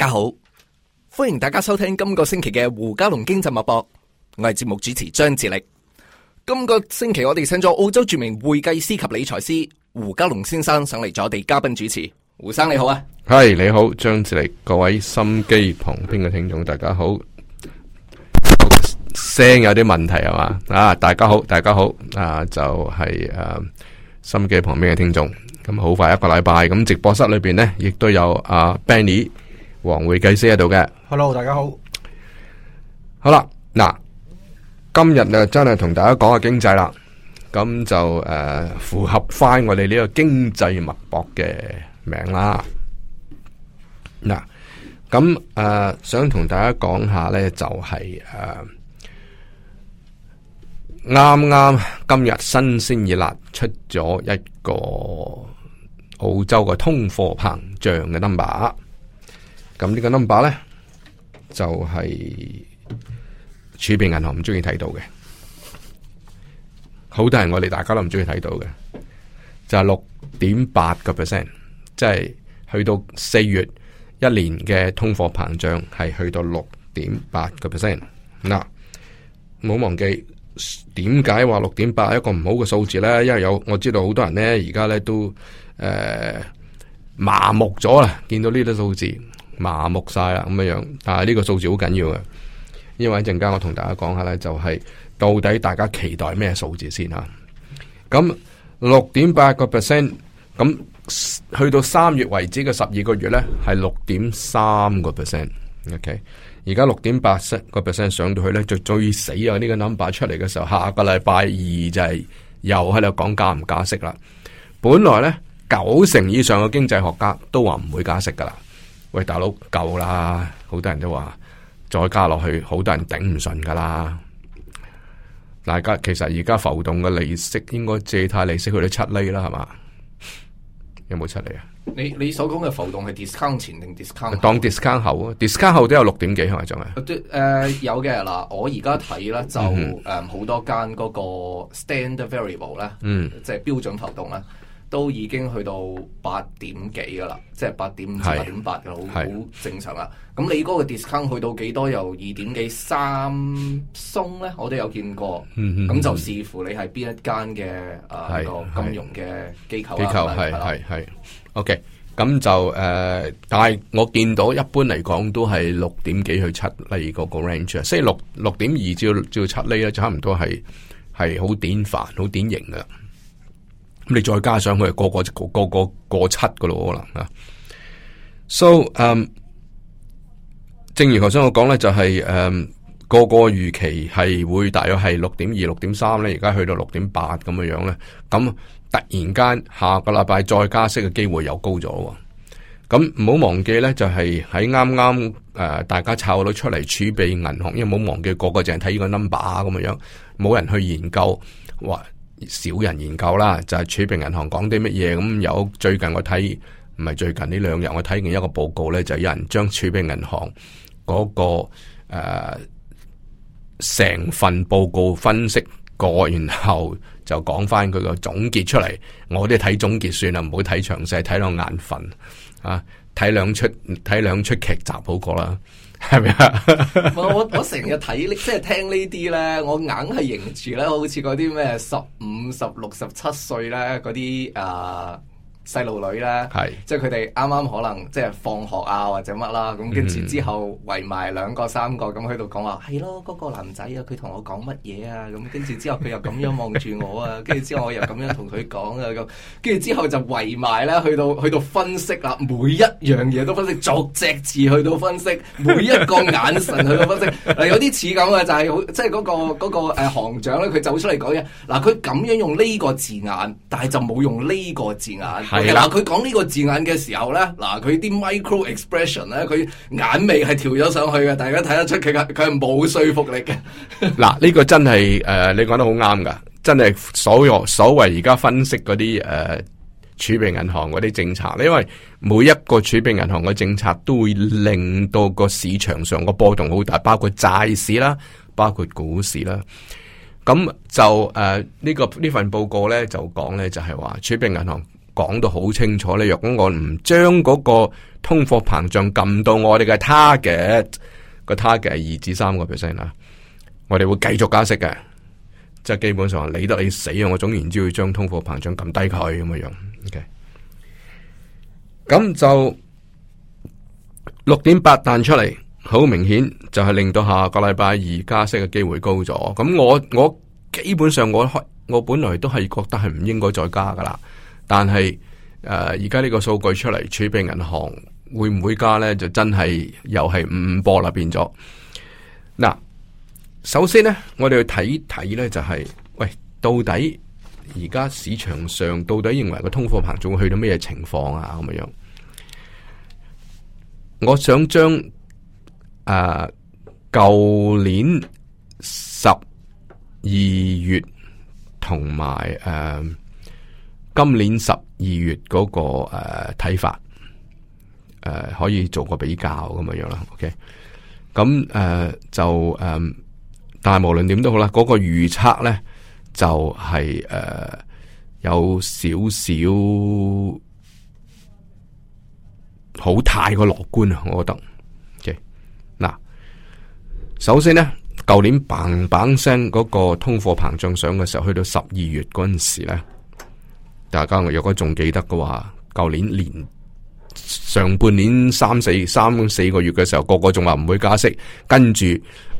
大家好，歡迎大家收聽今個星期嘅胡嘉龍經濟脈搏，我係節目主持張志力。今個星期我哋請咗澳洲著名會計師及理財師胡嘉龍先生上嚟做我哋嘉賓主持。胡生你好啊，係、hey, 你好，張志力，各位心機旁邊嘅聽眾大家好，聲 有啲問題係嘛，啊大家好，大家好，啊就係、是、誒、啊、心機旁邊嘅聽眾，咁好快一個禮拜，咁直播室裏邊呢亦都有阿 Benny。啊 Benny, 黃會計師喺度嘅，Hello，大家好，好啦，嗱，今日啊，真係同大家講下經濟啦，咁就誒、呃、符合翻我哋呢個經濟脈搏嘅名啦，嗱，咁誒、呃、想同大家講下呢，就係誒啱啱今日新鮮熱辣出咗一個澳洲嘅通貨膨脹嘅 number。咁呢個 number 咧，就係儲備銀行唔中意睇到嘅，好多人我哋大家都唔中意睇到嘅，就係六點八個 percent，即係去到四月一年嘅通貨膨脹係去到六點八個 percent。嗱，唔好忘記點解話六點八係一個唔好嘅數字咧，因為有我知道好多人咧而家咧都誒、呃、麻木咗啦，見到呢啲數字。麻木晒啦，咁樣樣，但係呢個數字好緊要嘅。因為一陣間我同大家講下呢就係、是、到底大家期待咩數字先啊？咁六點八個 percent，咁去到三月為止嘅十二個月呢，係六點三個 percent。O K，而家六點八個 percent 上到去呢，就最死啊！呢個 number 出嚟嘅時候，下個禮拜二就係又喺度講加唔加息啦。本來呢，九成以上嘅經濟學家都話唔會加息噶啦。喂，大佬夠啦！好多人都話再加落去，好多人頂唔順噶啦。大家其實而家浮動嘅利息應該借貸利息去到七厘啦，係嘛？有冇七厘啊？你你所講嘅浮動係 discount 前定 discount？當 discount 後啊，discount 後都有六點幾係咪仲係？誒、uh, 有嘅啦，我而家睇咧就誒好、嗯、多間嗰個 standard variable 咧，嗯，即係標準浮動啦。都已經去到八點幾嘅啦，即係八點八點八嘅，好好是正常啦。咁是你嗰個 discount 去到幾多，多？由二點幾三鬆咧，我都有見過。咁、嗯嗯、就視乎你係邊一間嘅誒個金融嘅機構啦、啊。係係係。OK，咁就誒，uh, 但係我見到一般嚟講都係六點幾去七，例如嗰個 range，所以六六點二至到七呢，就差唔多係係好典範、好典型嘅。你再加上佢係個個個個過七噶咯，可能啊。So 嗯、um,，正如頭先我講咧，就係、是、誒、um, 個個預期係會大約係六點二、六點三咧，而家去到六點八咁嘅樣咧。咁突然間下個禮拜再加息嘅機會又高咗。咁唔好忘記咧，就係喺啱啱誒大家炒到出嚟儲備銀行，因為唔好忘記個個淨係睇呢個 number 啊咁嘅樣，冇人去研究哇。少人研究啦，就係儲備銀行講啲乜嘢咁有。最近我睇唔係最近呢兩日，兩我睇見一個報告咧，就有人將儲備銀行嗰個、呃、成份報告分析過，然後就講翻佢個總結出嚟。我哋睇總結算啦，唔好睇詳細，睇到眼瞓啊！睇兩出睇兩出劇集好過啦。係咪啊？我我我成日睇呢，即係聽呢啲咧，我硬係認住咧，好似嗰啲咩十五、十六、十七歲咧，嗰啲誒。細路女啦是，即係佢哋啱啱可能即係放學啊或者乜啦，咁跟住之後圍埋兩個三個咁喺度講話係咯，嗰、嗰個男仔啊，佢同我講乜嘢啊，咁跟住之後佢又咁樣望住我啊，跟住 之後我又咁樣同佢講啊，咁跟住之後就圍埋啦，去到去到分析啦，每一樣嘢都分析逐隻字去到分析，每一個眼神去到分析， 呃、有啲似咁啊，就係即係嗰個嗰、嗰個誒、嗰個、行長咧，佢走出嚟講嘢，嗱佢咁樣用呢個字眼，但係就冇用呢個字眼。 嗱，佢講呢個字眼嘅時候咧，嗱、啊、佢啲 micro expression 咧、啊，佢眼尾係調咗上去嘅，大家睇得出佢佢冇說服力嘅。嗱、 啊，呢、這個真係誒、呃，你講得好啱噶，真係所有所謂而家分析嗰啲誒儲備銀行嗰啲政策，因為每一個儲備銀行嘅政策都會令到個市場上個波動好大，包括債市啦，包括股市啦。咁就誒呢、呃這個呢份報告咧就講咧就係話儲備銀行。講到好清楚咧，若果我唔將嗰個通貨膨脹撳到我哋嘅 target 個 target 係二至三個 percent 啊，我哋會繼續加息嘅，即係基本上理得你死啊！我總然之要將通貨膨脹撳低佢咁嘅樣。okay? 咁就六點八彈出嚟，好明顯就係令到下個禮拜二加息嘅機會高咗。咁我我基本上我我本來都係覺得係唔應該再加噶啦。但係，誒、呃，而家呢個數據出嚟，儲備銀行會唔會加咧？就真係又係五,五波啦，變咗。嗱，首先呢，我哋去睇睇咧，就係、是，喂，到底而家市場上到底認為個通貨膨脹會去到咩情況啊？咁樣樣，我想將誒舊年十二月同埋誒。呃今年十二月嗰、那個誒睇、呃、法，誒、呃、可以做個比較咁樣樣啦。OK，咁誒、呃、就誒、呃，但係無論點都好啦，嗰個預測咧就係誒有少少好太過樂觀啊，我覺得。o、okay? 嗱，首先咧，舊年砰砰聲嗰個通貨膨脹上嘅時候，去到十二月嗰陣時咧。大家若果仲記得嘅話，舊年年上半年三四三四個月嘅時候，個個仲話唔會加息，跟住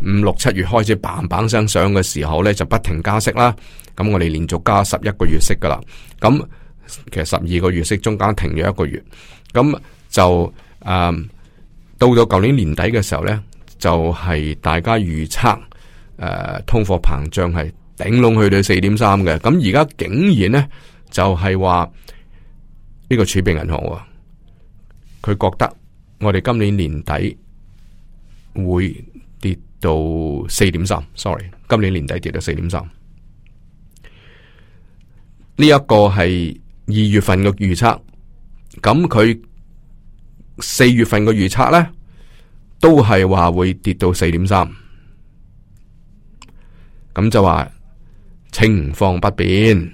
五六七月開始棒棒聲上嘅時候咧，就不停加息啦。咁我哋連續加十一個月息嘅啦。咁其實十二個月息中間停咗一個月，咁就誒、嗯、到咗舊年年底嘅時候咧，就係、是、大家預測誒、呃、通貨膨脹係頂籠去到四點三嘅。咁而家竟然咧～就係話呢個儲備銀行啊，佢覺得我哋今年年底會跌到四點三，Sorry，今年年底跌到四點三。呢一個係二月份嘅預測，咁佢四月份嘅預測呢都係話會跌到四點三。咁就話情況不變。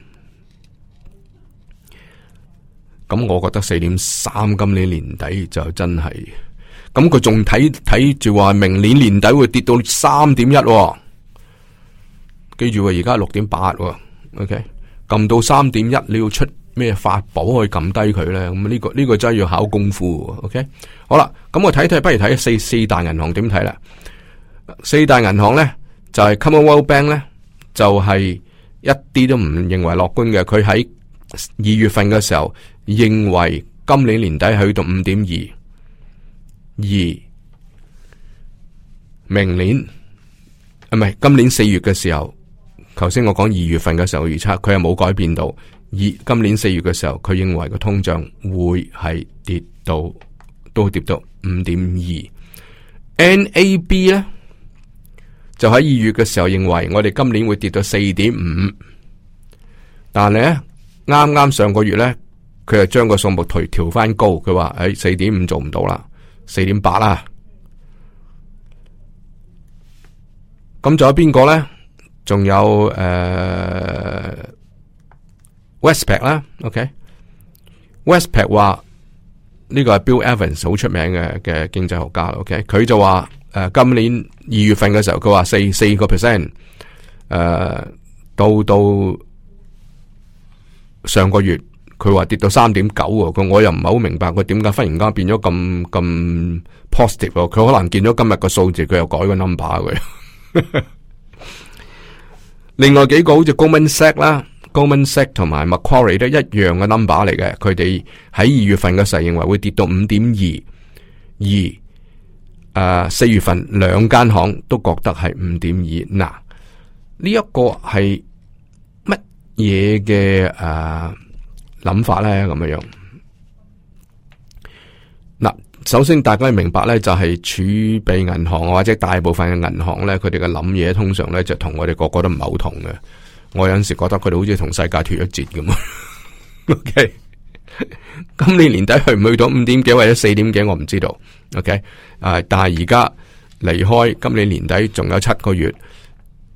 咁我覺得四點三今年年底就真係，咁佢仲睇睇住話明年年底會跌到三點一，記住而家六點八，OK，撳到三點一你要出咩法寶去撳低佢咧？咁呢、這個呢、這個真係要考功夫，OK？好啦，咁我睇睇，不如睇四四大銀行點睇啦？四大銀行咧就係 Commonwealth Bank 咧，就係、是就是、一啲都唔認為樂觀嘅，佢喺二月份嘅時候。認為今年年底去到五點二，而明年，唔係今年四月嘅時候，頭先我講二月份嘅時候預測，佢又冇改變到。而今年四月嘅時候，佢認為個通脹會係跌到，都會跌到五點二。NAB 呢，就喺二月嘅時候認為，我哋今年會跌到四點五，但係呢，啱啱上個月呢。佢就將個數目調調翻高，佢話：，誒，四點五做唔到啦，四點八啦。咁仲有邊個咧？仲有誒，Westpac 啦，OK，Westpac 話呢個係 Bill Evans 好出名嘅嘅經濟學家，OK，佢就話：誒、呃，今年二月份嘅時候，佢話四四個 percent，誒，到到上個月。佢話跌到三點九喎，佢我又唔係好明白佢點解忽然間變咗咁咁 positive 佢可能見咗今日個數字，佢又改個 number 嘅。 另外幾個好似 Goldman Sachs 啦、Goldman Sachs 同埋 Macquarie 都一樣嘅 number 嚟嘅，佢哋喺二月份嘅時候認為會跌到五點二二，誒、呃、四月份兩間行都覺得係五點二。嗱呢一個係乜嘢嘅誒？呃諗法呢，咁嘅樣，嗱，首先大家明白呢，就係儲備銀行或者大部分嘅銀行呢，佢哋嘅諗嘢通常呢，就同我哋個個都唔係好同嘅。我有陣時覺得佢哋好似同世界脫咗節咁。 OK， 今年年底去唔去到五點幾或者四點幾，我唔知道。OK，啊，但係而家離開今年年底仲有七個月，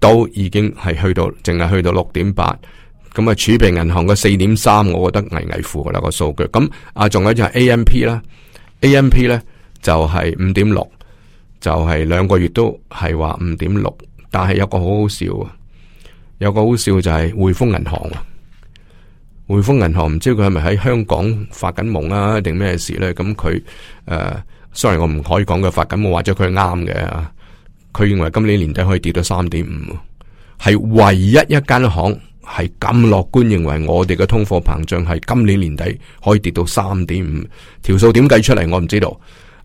都已經係去到淨係去到六點八。咁啊，儲備銀行嘅四點三，我覺得危危乎㗎啦個數據。咁啊，仲有就係 A M P 啦，A M P 咧就係五點六，就係兩個月都係話五點六。但係有個好好笑啊，有個好笑就係匯豐銀行啊。匯豐銀行唔知佢係咪喺香港發緊夢啊，定咩事咧，咁佢誒，sorry，我唔可以講佢發緊夢，或者佢係啱嘅啊。佢認為今年年底可以跌到三點五，係唯一一間行。係咁樂觀，認為我哋嘅通貨膨脹係今年年底可以跌到三點五，條數點計出嚟，我唔知道。誒、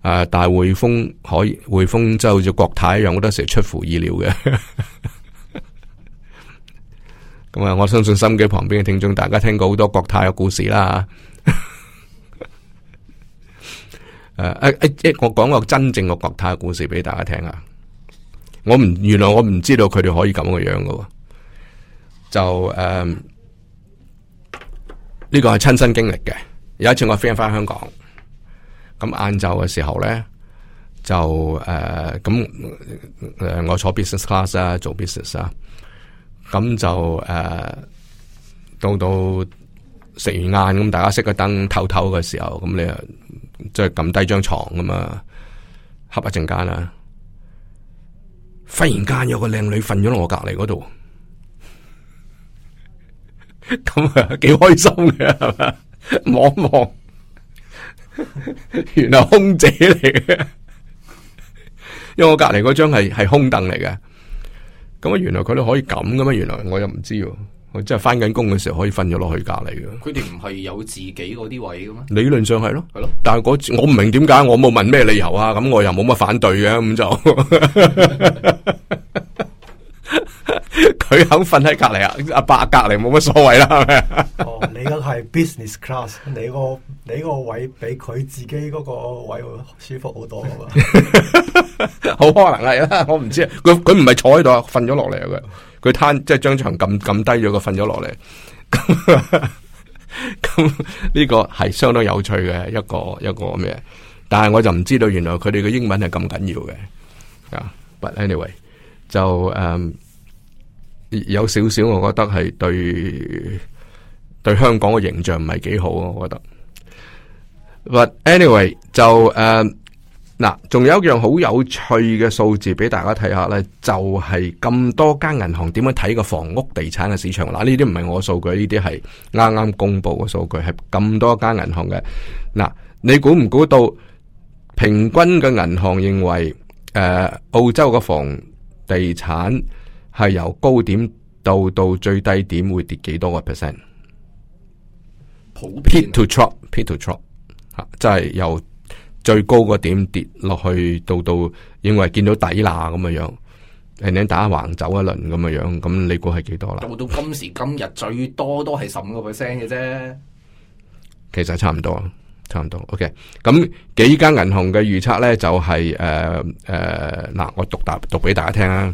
呃，但係匯豐可以，匯豐就好似國泰一樣，好多時出乎意料嘅。咁 啊、嗯，我相信心機旁邊嘅聽眾，大家聽過好多國泰嘅故事啦。誒誒誒，我講個真正嘅國泰嘅故事俾大家聽啊！我唔，原來我唔知道佢哋可以咁嘅樣噶。就誒，呢、嗯，呢個係親身經歷嘅。有一次我 friend 翻香港，咁晏晝嘅時候咧，就誒咁誒，我坐 business class 啊，做 business 啊，咁就誒、呃、到到食完晏咁，大家熄個燈，透透嘅時候，咁你啊即係撳低張床咁啊，瞌一陣間啦，忽然間有個靚女瞓咗落我隔籬嗰度。咁啊，幾開心嘅係嘛？望一望，原來空姐嚟嘅，因為我隔籬嗰張係係空凳嚟嘅。咁啊，原來佢都可以咁噶咩？原來我又唔知，我真係翻緊工嘅時候可以瞓咗落去隔籬嘅。佢哋唔係有自己嗰啲位嘅咩？理論上係咯，係咯。但係我唔明點解，我冇問咩理由啊。咁我又冇乜反對嘅，咁就。 佢 肯瞓喺隔籬啊，阿伯隔籬冇乜所謂啦。哦，oh, 你嘅係 business class，你個你個位比佢自己嗰個位會舒服好多噶好可能係啦，我唔知啊。佢佢唔係坐喺度瞓咗落嚟啊。佢佢攤即係將張凳撳低咗，佢瞓咗落嚟。咁呢 個係相當有趣嘅一個一個咩？但係我就唔知道，原來佢哋嘅英文係咁緊要嘅啊。Yeah, but anyway，就誒。嗯有少少，我覺得係對對香港嘅形象唔係幾好啊！我覺得。But anyway，就誒嗱，仲、呃、有一樣好有趣嘅數字俾大家睇下呢，就係、是、咁多間銀行點樣睇個房屋地產嘅市場嗱。呢啲唔係我數據，呢啲係啱啱公佈嘅數據，係咁多間銀行嘅嗱、呃。你估唔估到平均嘅銀行認為誒、呃，澳洲嘅房地產？係由高點到到最低點會跌幾多個 percent？普遍啊，peak to trough，peak to trough，吓，即係由最高個點跌落去到到認為見到底啦咁嘅樣，誒，你打橫走一輪咁嘅樣，咁你估係幾多啦？到到今時今日最多都係十五個 percent 嘅啫，其實差唔多，差唔多。OK，咁幾間銀行嘅預測咧就係誒誒嗱，我讀大，讀俾大家聽啦。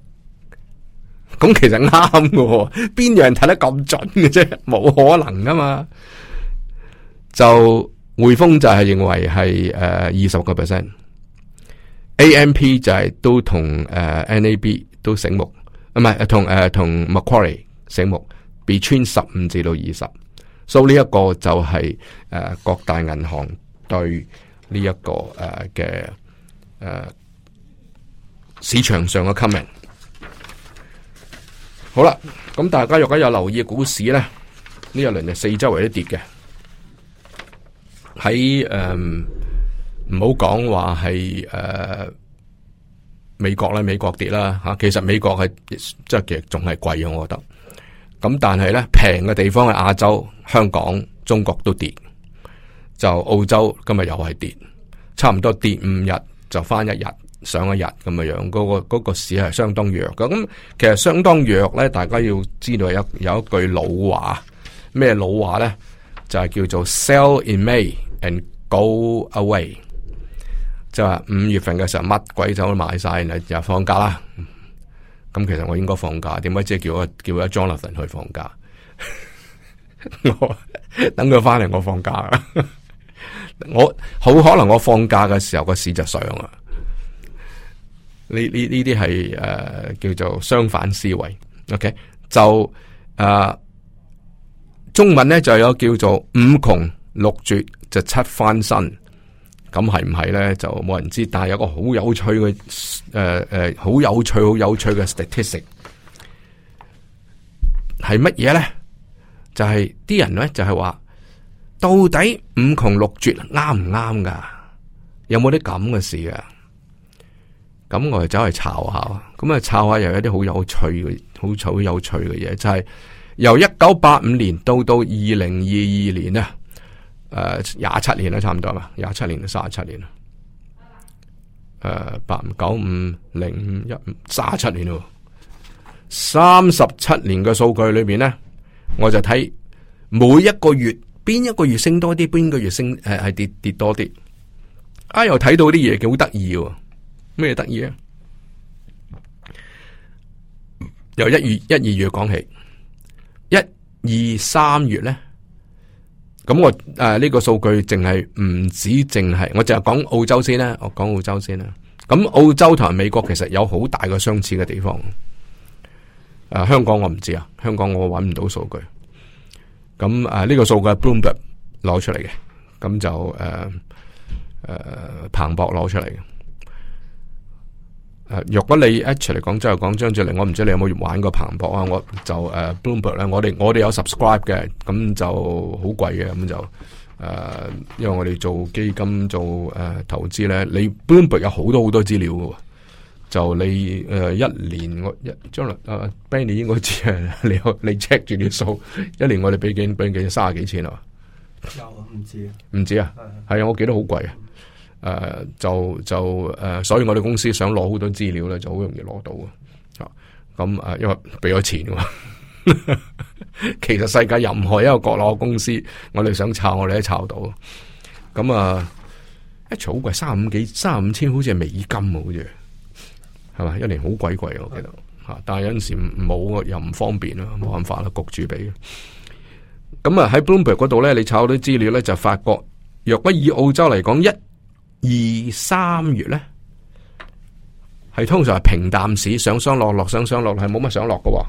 咁其實啱嘅，邊樣睇得咁準嘅啫？冇可能噶嘛？就匯豐就係認為係誒二十個 percent，AMP 就係都同誒、呃、NAB 都醒目，唔係同誒同 Macquarie 醒目，between 十五至到二十，So 呢一個就係、是、誒、呃、各大銀行對呢、這、一個誒嘅誒市場上嘅 comment。好啦，咁、嗯、大家若果有留意股市咧，呢一輪就四周圍都跌嘅，喺誒唔好講話係誒美國咧，美國跌啦吓、啊，其實美國係即係其實仲係貴嘅，我覺得。咁、嗯、但係咧平嘅地方係亞洲、香港、中國都跌，就澳洲今日又係跌，差唔多跌五日就翻一日。上一日咁嘅樣，嗰個、嗰個市係相當弱嘅。咁其實相當弱咧，大家要知道有一有一句老話，咩老話咧就係、是、叫做 Sell in May and go away，即係五月份嘅時候乜鬼都買晒，然後就放假啦。咁其實我應該放假，點解即係叫我叫阿 Jonathan 去放假？ 我 等佢翻嚟，我放假。 我好可能我放假嘅時候、個市就上啊。呢呢呢啲係誒叫做相反思維，OK？就誒、呃、中文咧就有個叫做五窮六絕就七翻身，咁係唔係咧？就冇人知，但係有個好有趣嘅誒誒好有趣好有趣嘅 statistic 係乜嘢咧？就係、是、啲人咧就係、是、話，到底五窮六絕啱唔啱噶？有冇啲咁嘅事啊？咁我哋走去抄下，咁啊抄下又有啲好有趣嘅，好好有趣嘅嘢，就係、是、由一九八五年到到二零二二年啊，誒廿七年啦，差唔多嘛，廿七年三十七年，誒八九五零五一三十七年咯，三十七年嘅數據裏邊咧，我就睇每一個月邊一個月升多啲，邊個月升係、呃、跌跌多啲，啊又睇到啲嘢幾好得意嘅。咩得意啊？由一月、一二月講起，一二三月咧，咁我誒呢個數據淨係唔止淨係，我淨係講澳洲先啦。我講澳洲先啦。咁、嗯嗯、澳洲同埋美國其實有好大個相似嘅地方。誒、嗯，香港我唔知啊，香港我搵唔到數據。咁誒呢個數據，Bloomberg 攞出嚟嘅，咁就誒誒彭博攞出嚟嘅。嗯嗯若、啊、果你 actually 嚟講真係講張智霖，我唔知你有冇玩過彭博啊？我就誒、啊、Bloomberg 咧，我哋我哋有 subscribe 嘅，咁就好貴嘅，咁就誒、啊，因為我哋做基金做誒、啊、投資咧，你 Bloomberg 有好多好多資料嘅，就你誒、啊、一年我一將來、啊、Benny 應該知啊， 你你 check 住啲數，一年我哋俾幾俾幾三十幾千啊？有啊的，唔知啊，唔知啊，係啊，我記得好貴啊。誒、uh,，就就誒，uh, 所以我哋公司想攞好多資料咧，就好容易攞到啊。咁啊，因為俾咗錢啊嘛。 其實世界任何一個角落公司，我哋想炒，我哋都炒到。咁、uh, 啊，一場好貴，三五幾，三五千，好似係美金喎，好似係嘛？一年好鬼貴，我記得嚇。Uh, 但係有陣時冇又唔方便咯，冇辦法咯，焗住俾。咁啊，喺 Bloomberg 嗰度咧，你炒啲資料咧，就發覺若不以澳洲嚟講一。二三月呢係通常係平淡市，上上落落，上上落落，係冇乜上落嘅。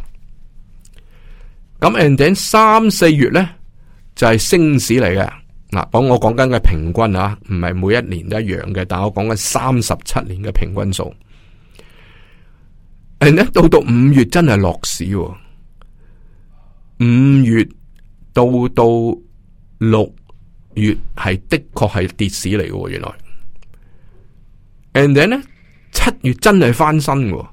咁 ending 三四月呢就係、是、升市嚟嘅嗱，講我講緊嘅平均啊，唔係每一年都一樣嘅，但我講緊嘅三十七年嘅平均數，ending 到到五月真係落市，五月到到六月係的確係跌市嚟嘅，原來。and then 呢，七月真係翻身嘅，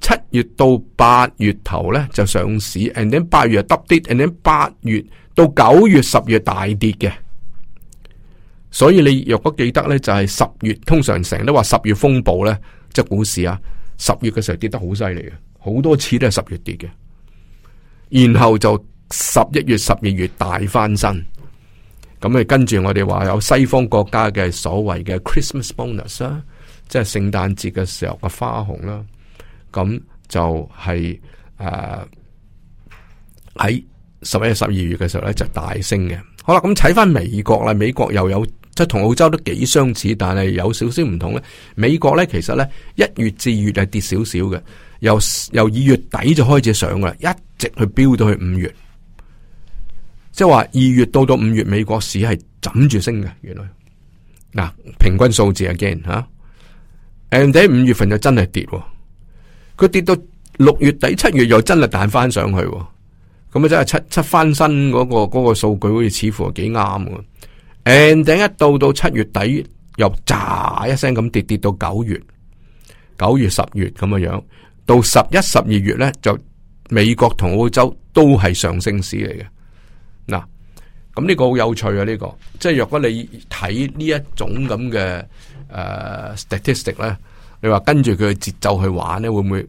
七月到八月頭呢就上市，and then 八月又耷跌，and then 八月到九月十月大跌嘅，所以你若果記得呢，就係十月通常成日都話十月風暴呢，即係股市啊，十月嘅時候跌得好犀利嘅，好多次都係十月跌嘅，然後就十一月十二月大翻身，咁你跟住我哋話有西方國家嘅所謂嘅 Christmas bonus 啊。即係聖誕節嘅時候嘅花紅啦，咁就係誒喺十一、十二月嘅時候咧就大升嘅。好啦，咁睇翻美國啦，美國又有即係同澳洲都幾相似，但係有少少唔同咧。美國咧其實咧一月至月係跌少少嘅，由由二月底就開始上噶啦，一直去飆到去五月。即係話二月到到五月，美國市係枕住升嘅。原來嗱，平均數字 again 吓。And then 五月份又真係跌，佢跌到六月底、七月又真係彈翻上去，咁啊真係七七翻身嗰、那個嗰、那個數據好似似乎幾啱嘅 And then 一到到七月底又炸一聲咁跌跌到九月、九月、十月咁嘅樣，到十一、十二月咧就美國同澳洲都係上升市嚟嘅嗱，咁呢個好有趣啊！呢、這個即係若果你睇呢一種咁嘅。誒，statistics 咧，uh, statistic, 你話跟住佢嘅節奏去玩咧，會唔會？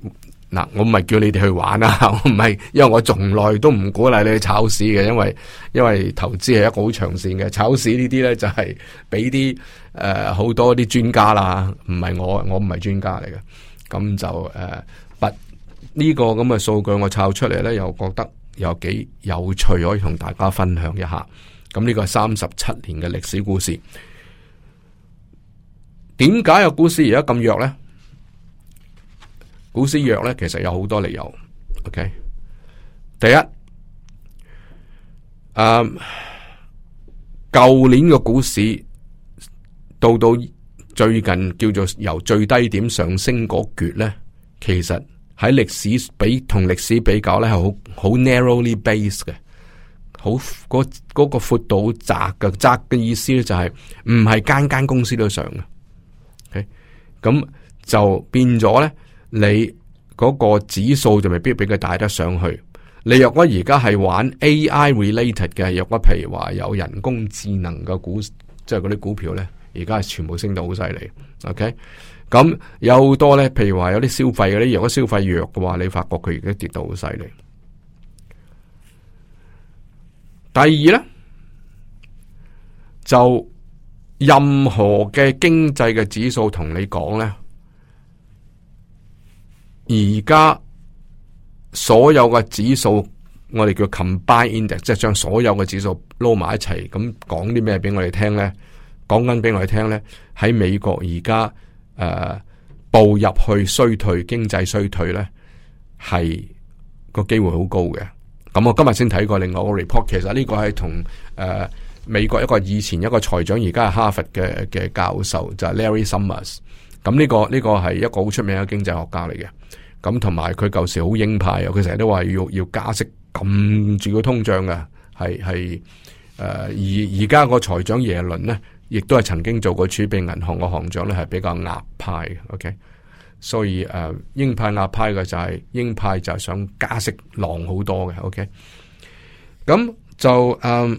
嗱，我唔係叫你哋去玩啊，我唔係，因為我從來都唔鼓勵你去炒市嘅，因為因為投資係一個好長線嘅，炒市呢啲咧就係俾啲誒好多啲專家啦，唔係我，我唔係專家嚟嘅，咁就誒不呢個咁嘅數據我抄出嚟咧，又覺得又幾有趣，可以同大家分享一下。咁呢個係三十七年嘅歷史故事。點解個股市而家咁弱呢？股市弱呢，其實有好多理由。OK，第一，誒、啊，舊年嘅股市到到最近叫做由最低點上升嗰橛呢，其實喺歷史比同歷史比較呢，係好好 narrowly based 嘅，好嗰嗰、嗰個闊度窄嘅窄嘅意思呢，就係唔係間間公司都上嘅。咁、okay? 就變咗咧，你嗰個指數就未必俾佢帶得上去。你若果而家係玩 A. I. related 嘅，若果譬如話有人工智能嘅股，即係嗰啲股票咧，而家係全部升到好犀利。OK，咁有多咧，譬如話有啲消費嗰啲，若果消費弱嘅話，你發覺佢而家跌到好犀利。第二咧就。任何嘅經濟嘅指數同你講咧，而家所有嘅指數，我哋叫 combine index，即係將所有嘅指數撈埋一齊，咁講啲咩？俾我哋聽咧，講緊俾我哋聽咧，喺美國而家誒步入去衰退，經濟衰退咧係個機會好高嘅。咁我今日先睇過另外個 report，其實呢個係同誒。呃美國一個以前一個財長，而家係哈佛嘅嘅教授，就係、是、Larry Summers、這個。咁、這、呢個呢個係一個好出名嘅經濟學家嚟嘅。咁同埋佢舊時好鷹派啊，佢成日都話要要加息撳住個通脹啊，係係誒而而家個財長耶倫呢，亦都係曾經做過儲備銀行個行長咧，係比較鴿派嘅。OK，所以誒、呃、鷹派鴿派嘅就係、是、鷹派就係想加息狼好多嘅。OK，咁就誒。呃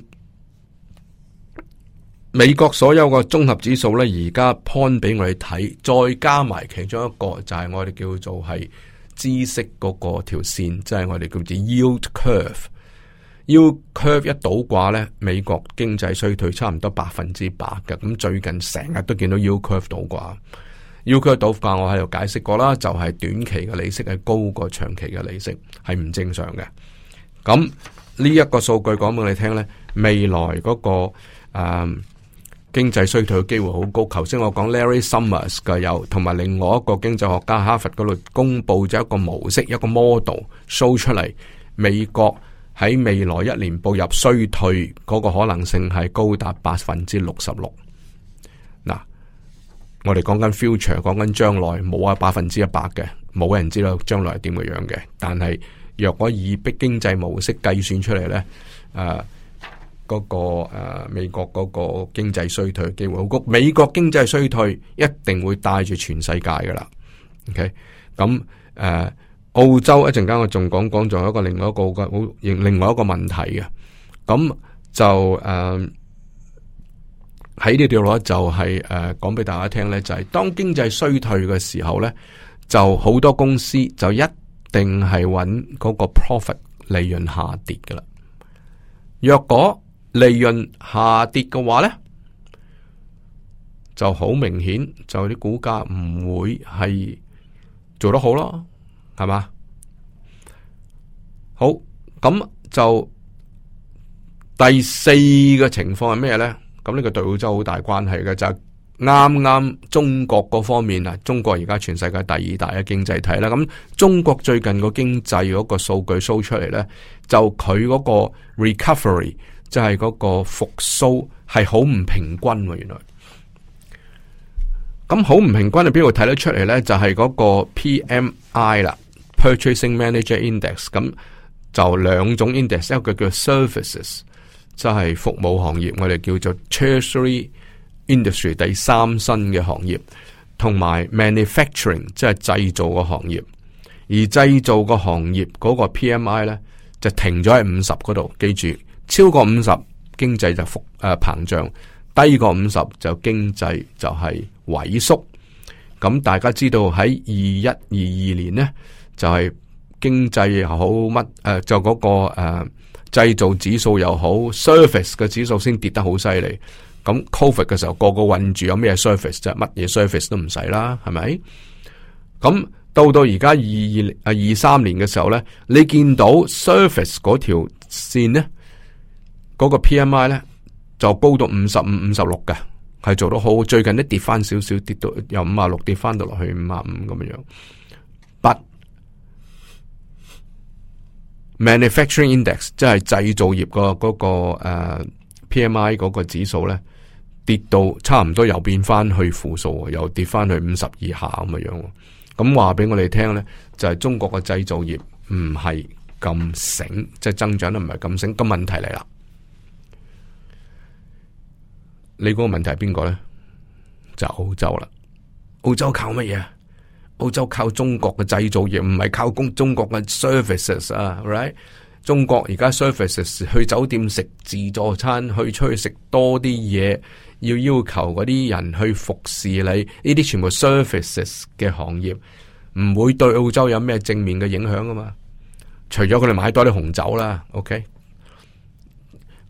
美國所有嘅綜合指數咧，而家 point 俾我哋睇，再加埋其中一個就係、是、我哋叫做係知識嗰個條線，即、就、係、是、我哋叫做 yield curve。yield curve 一倒掛咧，美國經濟衰退差唔多百分之百嘅。咁最近成日都見到 yield curve 倒掛，yield curve 倒掛我喺度解釋過啦，就係、是、短期嘅利息係高過長期嘅利息，係唔正常嘅。咁呢一個數據講俾你聽咧，未來嗰、那個誒。嗯經濟衰退嘅機會好高。頭先我講 Larry Summers 嘅有，同埋另外一個經濟學家哈佛嗰度公佈咗一個模式，一個 model show 出嚟，美國喺未來一年步入衰退嗰個可能性係高達百分之六十六。嗱，我哋講緊 future，講緊將來冇啊百分之一百嘅，冇人知道將來係點嘅樣嘅。但係若果以逼經濟模式計算出嚟呢。誒、啊。嗰個誒，美國嗰個經濟衰退嘅機會好高，美國經濟衰退一定會帶住全世界噶啦。OK，咁、嗯、誒，澳洲一陣間我仲講講，仲有一個另外一個個好另外一個問題嘅。咁、嗯、就誒喺呢條路就係誒講俾大家聽、就、咧、是，就係當經濟衰退嘅時候咧，就好多公司就一定係搵嗰個 profit 利潤下跌噶啦。若果利潤下跌嘅話咧，就好明顯，就啲股價唔會係做得好咯，係嘛？好，咁就第四個情況係咩咧？咁呢個對澳洲好大關係嘅就係啱啱中國嗰方面啊，中國而家全世界第二大嘅經濟體啦。咁中國最近經濟個經濟嗰個數據 show 出嚟咧，就佢嗰個 recovery。就係嗰個復蘇係好唔平均，原來咁好唔平均，你邊度睇得出嚟呢？就係嗰個 P M I 啦，Purchasing Manager Index，咁就兩種 index，一個叫 Services，即係服務行業，我哋叫做 Tertiary Industry 第三新嘅行業，同埋 Manufacturing 即係製造嘅行業，而製造嘅行業嗰個 P M I 呢，就停咗喺五十嗰度，記住。超過五十，經濟就擴誒膨脹；低過五十就經濟就係萎縮。咁大家知道喺二一、二二年呢，就係、是、經濟又好乜誒，就嗰、那個誒製、啊、造指數又好 service 嘅指數先跌得好犀利。咁 COVID 嘅時候個個困住有 service，有咩 service 啫？乜嘢 service 都唔使啦，係咪？咁到到而家二二啊二三年嘅時候呢，你見到 service 嗰條線呢。嗰個 P M I 咧就高到五十五、五十六嘅，係做得好。最近都跌翻少少，跌到由五啊六跌翻到落去五啊五咁樣樣。But manufacturing index 即係製造業、個嗰個、uh, 誒 P M I 嗰個指數咧跌到差唔多又變翻去負數，又跌翻去五十二下咁樣樣。咁話俾我哋聽咧，就係、是、中國嘅製造業唔係咁醒，即、就、係、是、增長咧唔係咁醒，咁問題嚟啦。你嗰個問題係邊個咧？就澳洲啦，澳洲靠乜嘢？澳洲靠中國嘅製造業，唔係靠中中國嘅 services 啊，right？中國而家 services 去酒店食自助餐，去出去食多啲嘢，要要求嗰啲人去服侍你，呢啲全部 services 嘅行業，唔會對澳洲有咩正面嘅影響啊嘛？除咗佢哋買多啲紅酒啦，OK？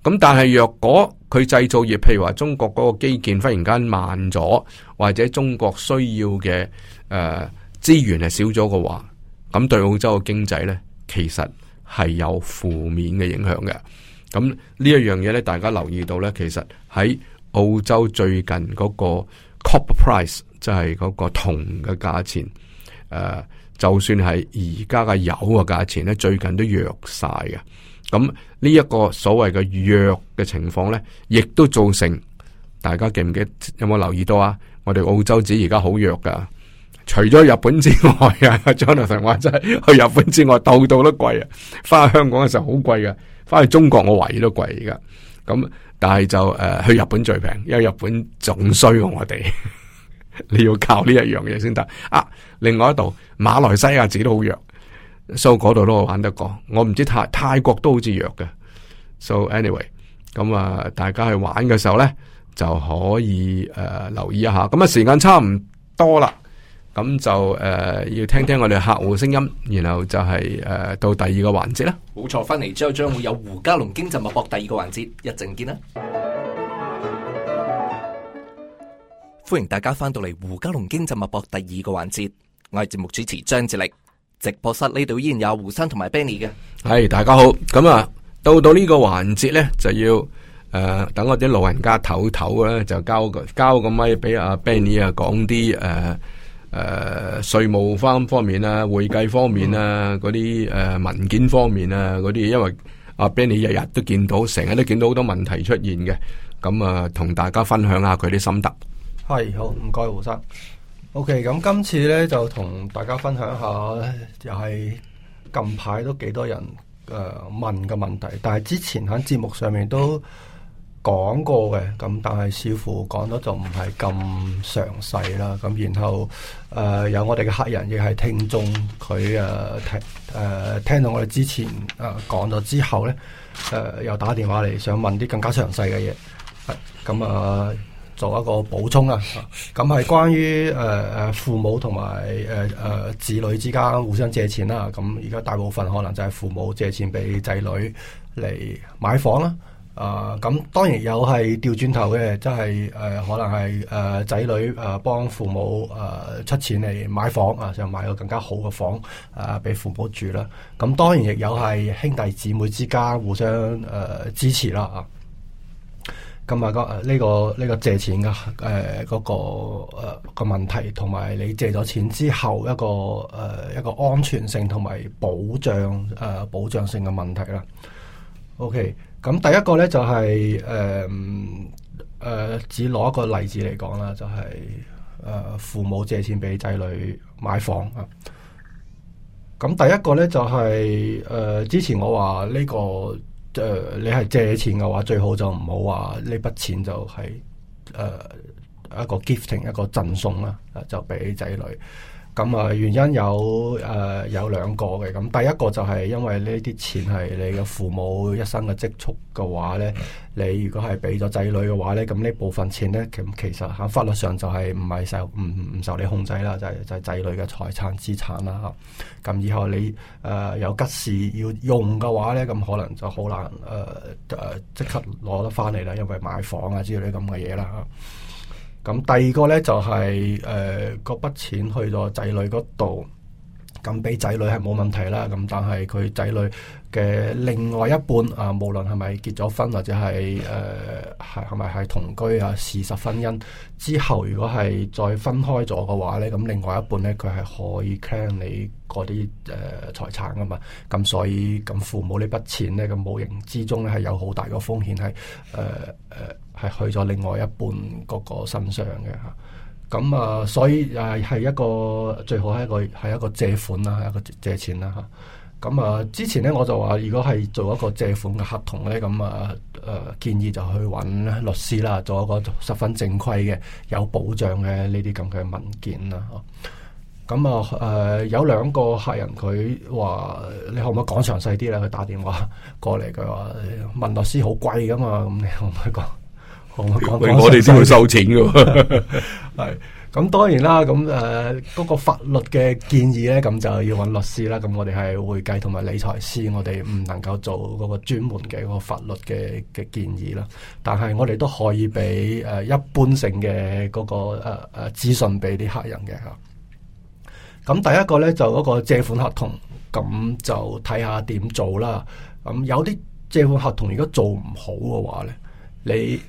咁但係若果佢製造業，譬如話中國嗰個基建忽然間慢咗，或者中國需要嘅誒、呃、資源係少咗嘅話，咁對澳洲嘅經濟呢，其實係有負面嘅影響嘅。咁呢一樣嘢呢，大家留意到呢，其實喺澳洲最近嗰個 copper price，即係嗰個銅嘅價錢，誒、呃，就算係而家嘅油嘅價錢呢，最近都弱晒嘅。咁呢一個所謂嘅弱嘅情況咧，亦都造成大家記唔記得有冇留意到啊？我哋澳洲紙而家好弱噶，除咗日本之外啊，Jonathan 話真係去日本之外，度度都貴啊！翻香港嘅時候好貴噶，翻去中國我懷疑都貴而家。咁但係就誒、呃、去日本最平，因為日本仲衰過我哋， 你要靠呢一樣嘢先得。啊，另外一度馬來西亞紙都好弱。so 嗰度都玩得過，我唔知泰泰國都好似弱嘅。so anyway，咁、嗯、啊，大家去玩嘅時候呢，就可以誒、呃、留意一下。咁、嗯、啊，時間差唔多啦，咁、嗯、就誒、呃、要聽聽我哋客戶聲音，然後就係、是、誒、呃、到第二個環節啦。冇錯，翻嚟之後將會有胡嘉龍經濟脈搏第二個環節，一陣見啦。 歡迎大家翻到嚟胡嘉龍經濟脈搏第二個環節，我係節目主持張智力。直播室呢度依然有胡生同埋 Benny 嘅，係大家好。咁啊，到到呢個環節咧，就要誒、呃，等我啲老人家唞唞咧，就交個交個咪俾阿 Benny 啊 Benny，講啲誒誒稅務方面方面啊，會計方面啊，嗰啲誒文件方面啊，嗰啲因為阿、啊、Benny 日日都見到，成日都見到好多問題出現嘅，咁啊同大家分享下佢啲心得。係，好，唔該胡生。OK，咁今次咧就同大家分享下，又係近排都幾多人誒、呃、問嘅問題，但係之前喺節目上面都講過嘅，咁但係似乎講得就唔係咁詳細啦。咁然後誒、呃、有我哋嘅客人亦係聽眾，佢、呃、誒聽誒、呃、聽到我哋之前誒講咗之後咧，誒、呃、又打電話嚟想問啲更加詳細嘅嘢，咁、嗯、啊。呃嗯呃做一個補充啊，咁係關於誒誒父母同埋誒誒子女之間互相借錢啦。咁而家大部分可能就係父母借錢俾仔女嚟買房啦。啊，咁當然有係調轉頭嘅，即係誒可能係誒仔女誒幫父母誒、呃、出錢嚟買房啊，就買個更加好嘅房啊俾父母住啦。咁、啊、當然亦有係兄弟姊妹之間互相誒、呃、支持啦。啊。咁啊，那個呢、這個呢、這個借錢嘅誒，嗰、呃、那個誒、呃、個問題，同埋你借咗錢之後一個誒、呃、一個安全性同埋保障誒、呃、保障性嘅問題啦。OK，咁第一個咧就係誒誒，只攞一個例子嚟講啦，就係、是、誒、呃、父母借錢俾仔女買房啊。咁第一個咧就係、是、誒、呃，之前我話呢、這個。誒、呃，你係借錢嘅話，最好就唔好話呢筆錢就係、是、誒、呃、一個 gifting，一個贈送啦、啊，就俾仔女。咁啊，原因有誒、呃、有兩個嘅，咁第一個就係因為呢啲錢係你嘅父母一生嘅積蓄嘅話咧，嗯、你如果係俾咗仔女嘅話咧，咁呢部分錢咧，咁其實喺法律上就係唔係受唔唔受你控制啦，就係、是、就係、是、仔女嘅財產資產啦嚇。咁以後你誒、呃、有急事要用嘅話咧，咁可能就好難誒誒即刻攞得翻嚟啦，因為買房啊之類啲咁嘅嘢啦嚇。咁第二個咧就係誒嗰筆錢去咗仔女嗰度。咁俾仔女係冇問題啦，咁但係佢仔女嘅另外一半啊，無論係咪結咗婚或者係誒係係咪係同居啊，事實婚姻之後，如果係再分開咗嘅話咧，咁另外一半咧佢係可以 claim 你嗰啲誒財產噶嘛，咁所以咁父母呢筆錢咧，咁無形之中咧係有好大個風險係誒誒係去咗另外一半嗰個身上嘅嚇。咁啊，所以誒係、啊、一個最好係一個係一個借款啦，係一個借錢啦吓。咁啊，啊，之前咧我就話，如果係做一個借款嘅合同咧，咁啊誒、啊、建議就去揾律師啦，做一個十分正規嘅有保障嘅呢啲咁嘅文件啦。咁啊誒、啊啊、有兩個客人佢話，你可唔可以講詳細啲咧？佢打電話過嚟佢話，問律師好貴㗎嘛，咁你可唔可以講？我哋先會收錢嘅，係 咁 當然啦，咁誒嗰個法律嘅建議咧，咁就要揾律師啦。咁我哋係會計同埋理財師，我哋唔能夠做嗰個專門嘅個法律嘅嘅建議啦。但係我哋都可以俾誒、呃、一般性嘅嗰、嗰個誒誒資訊俾啲客人嘅吓。咁、啊、第一個咧就嗰個借款合同，咁就睇下點做啦。咁有啲借款合同如果做唔好嘅話咧，你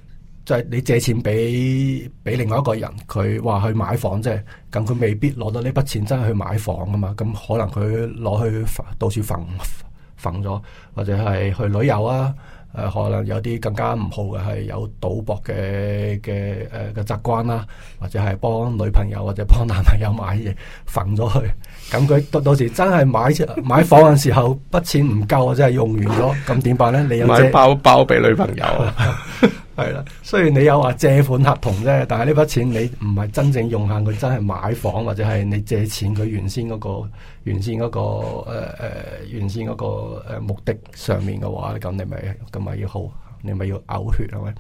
就係你借錢俾俾另外一個人，佢話去買房啫，咁佢未必攞到呢筆錢真係去買房噶嘛，咁可能佢攞去到處馴咗，或者係去旅遊啊，誒、呃，可能有啲更加唔好嘅係有賭博嘅嘅誒嘅習慣啦，或者係幫女朋友或者幫男朋友買嘢馴咗佢，咁佢到到時真係買 買房嘅時候，筆錢唔夠或者係用完咗，咁點辦呢？你有買包包俾女朋友？ 係啦，雖然你有話借款合同啫，但係呢筆錢你唔係真正用下佢真係買房，或者係你借錢佢原先嗰、嗰個原先、嗰個誒誒、呃、原先個誒目的上面嘅話，咁你咪咁咪要好，你咪要嘔血係咪？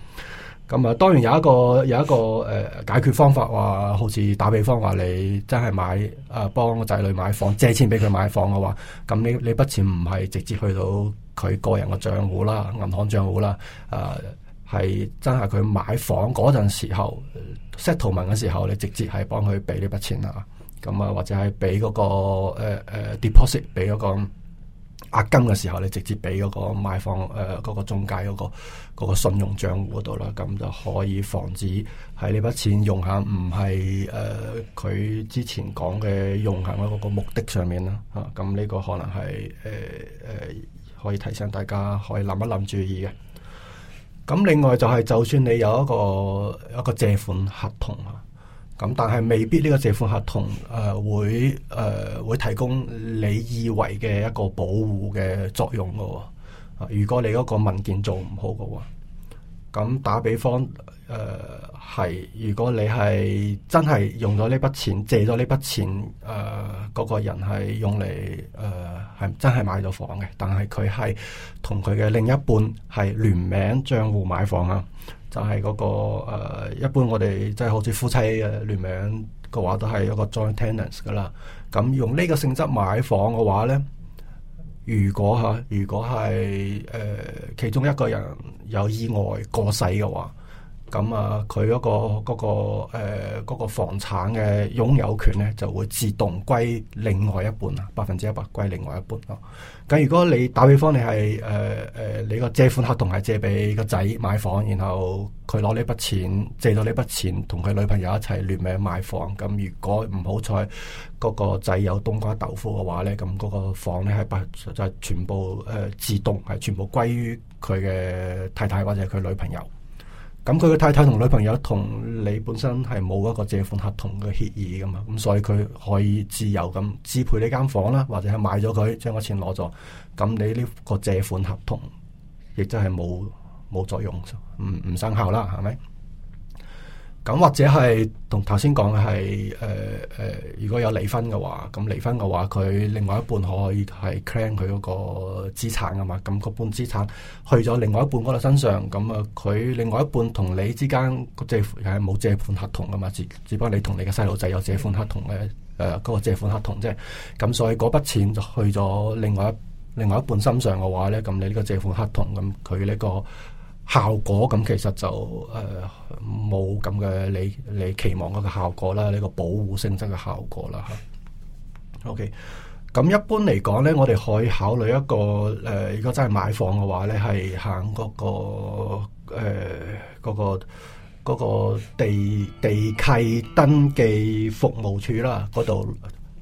咁啊，當然有一個有一個誒、呃、解決方法，話好似打比方話你真係買誒幫個仔女買房借錢俾佢買房嘅話，咁你你筆錢唔係直接去到佢個人嘅賬戶啦，銀行賬戶啦誒。啊係真係佢買房嗰陣時候 settlement 嘅時候，你直接係幫佢俾呢筆錢啊，咁啊，或者係俾嗰個誒誒、uh, uh, deposit 俾嗰個押金嘅時候，你直接俾嗰個賣房誒嗰個中介嗰、嗰個、嗰個信用賬戶嗰度咧，咁就可以防止喺呢筆錢用下唔係誒佢之前講嘅用下嗰個目的上面啦啊，咁呢個可能係誒誒可以提醒大家可以諗一諗注意嘅。咁另外就係、是，就算你有一個一個借款合同啊，咁但係未必呢個借款合同誒、呃、會誒、呃、會提供你以為嘅一個保護嘅作用嘅喎，啊，如果你嗰個文件做唔好嘅話。咁打比方，誒、呃、係，如果你係真係用咗呢筆錢借咗呢筆錢，誒嗰、呃那個人係用嚟誒係真係買咗房嘅，但係佢係同佢嘅另一半係聯名帳戶買房啊，就係、是、嗰、那個、呃、一般我哋即係好似夫妻嘅聯名嘅話，都係一個 joint tenants 噶啦。咁用呢個性質買房嘅話咧，如果嚇，如果係誒、呃、其中一個人。有意外過世嘅話，咁啊佢嗰、嗰個嗰、嗰個呃嗰個房產嘅擁有權呢，就會自動歸另外一半啊，百分之一百歸另外一半咯。咁、啊、如果你打比方你係誒誒你個借款合同係借俾個仔買房，然後佢攞呢筆錢借咗呢筆錢同佢女朋友一齊聯名買房，咁如果唔好彩嗰個仔有冬瓜豆腐嘅話呢，咁嗰個房呢，係不就係、係、全部誒、呃、自動係全部歸於。佢嘅太太或者佢女朋友，咁佢嘅太太同女朋友同你本身係冇一個借款合同嘅協議噶嘛，咁所以佢可以自由咁支配呢間房啦，或者係賣咗佢，將個錢攞咗，咁你呢個借款合同亦都係冇冇作用，唔唔生效啦，係咪？咁或者係同頭先講嘅係，誒誒、呃呃，如果有離婚嘅話，咁離婚嘅話，佢另外一半可以係 claim 佢嗰個資產噶嘛？咁、那、嗰、個、半資產去咗另外一半嗰度、身上，咁啊，佢另外一半同你之間即係冇借款合同噶嘛？只只不過你同你嘅細路仔有借款合同嘅，誒嗰個借款合同啫。咁所以嗰筆錢就去咗另外另外一半身上嘅話咧，咁你呢、嗯呃，那個借款合同咁佢呢個。效果咁、嗯、其實就誒冇咁嘅你你期望嗰個效果啦，呢個保護性質嘅效果啦。 OK，咁一般嚟講咧，我哋可以考慮一個誒、呃，如果真係買房嘅話咧，係行嗰、嗰個誒、呃嗰個、嗰個地地契登記服務處啦，嗰度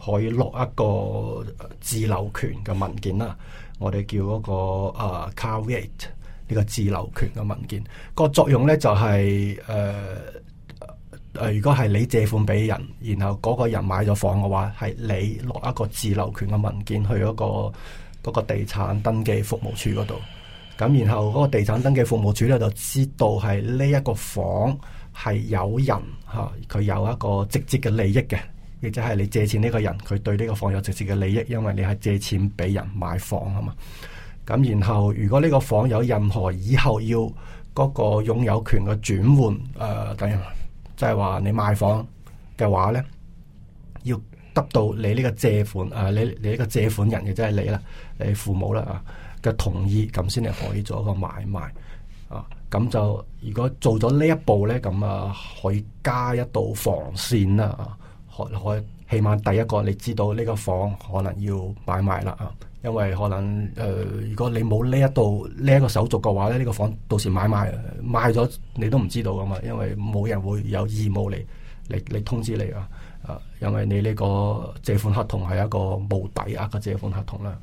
可以落一個自留權嘅文件啦。我哋叫嗰、嗰個誒 c a 個自留權嘅文件，個作用呢，就係，就係誒誒，如果係你借款俾人，然後嗰個人買咗房嘅話，係你落一個自留權嘅文件去嗰個、嗰個地產登記服務處嗰度，咁然後嗰個地產登記服務處呢，就知道係呢一個房係有人吓，佢、啊、有一個直接嘅利益嘅，亦即係你借錢呢個人，佢對呢個房有直接嘅利益，因為你係借錢俾人買房啊嘛。咁然後，如果呢個房有任何以後要嗰個擁有權嘅轉換，誒、呃，等，即係話你賣房嘅話呢，要得到你呢個借款，誒、呃，你你呢個借款人嘅，即係你啦，你父母啦啊嘅同意，咁先至可以做一個買賣啊。咁就如果做咗呢一步呢，咁啊可以加一道防線啦、啊，可可起碼第一個你知道呢個房可能要買賣啦啊。因為可能，誒、呃，如果你冇呢一度呢一個手續嘅話咧，呢、這個房到時買賣賣咗你都唔知道噶嘛，因為冇人會有義務嚟嚟嚟通知你啊，啊，因為你呢個借款合同係一個冇抵押嘅借款合同啦。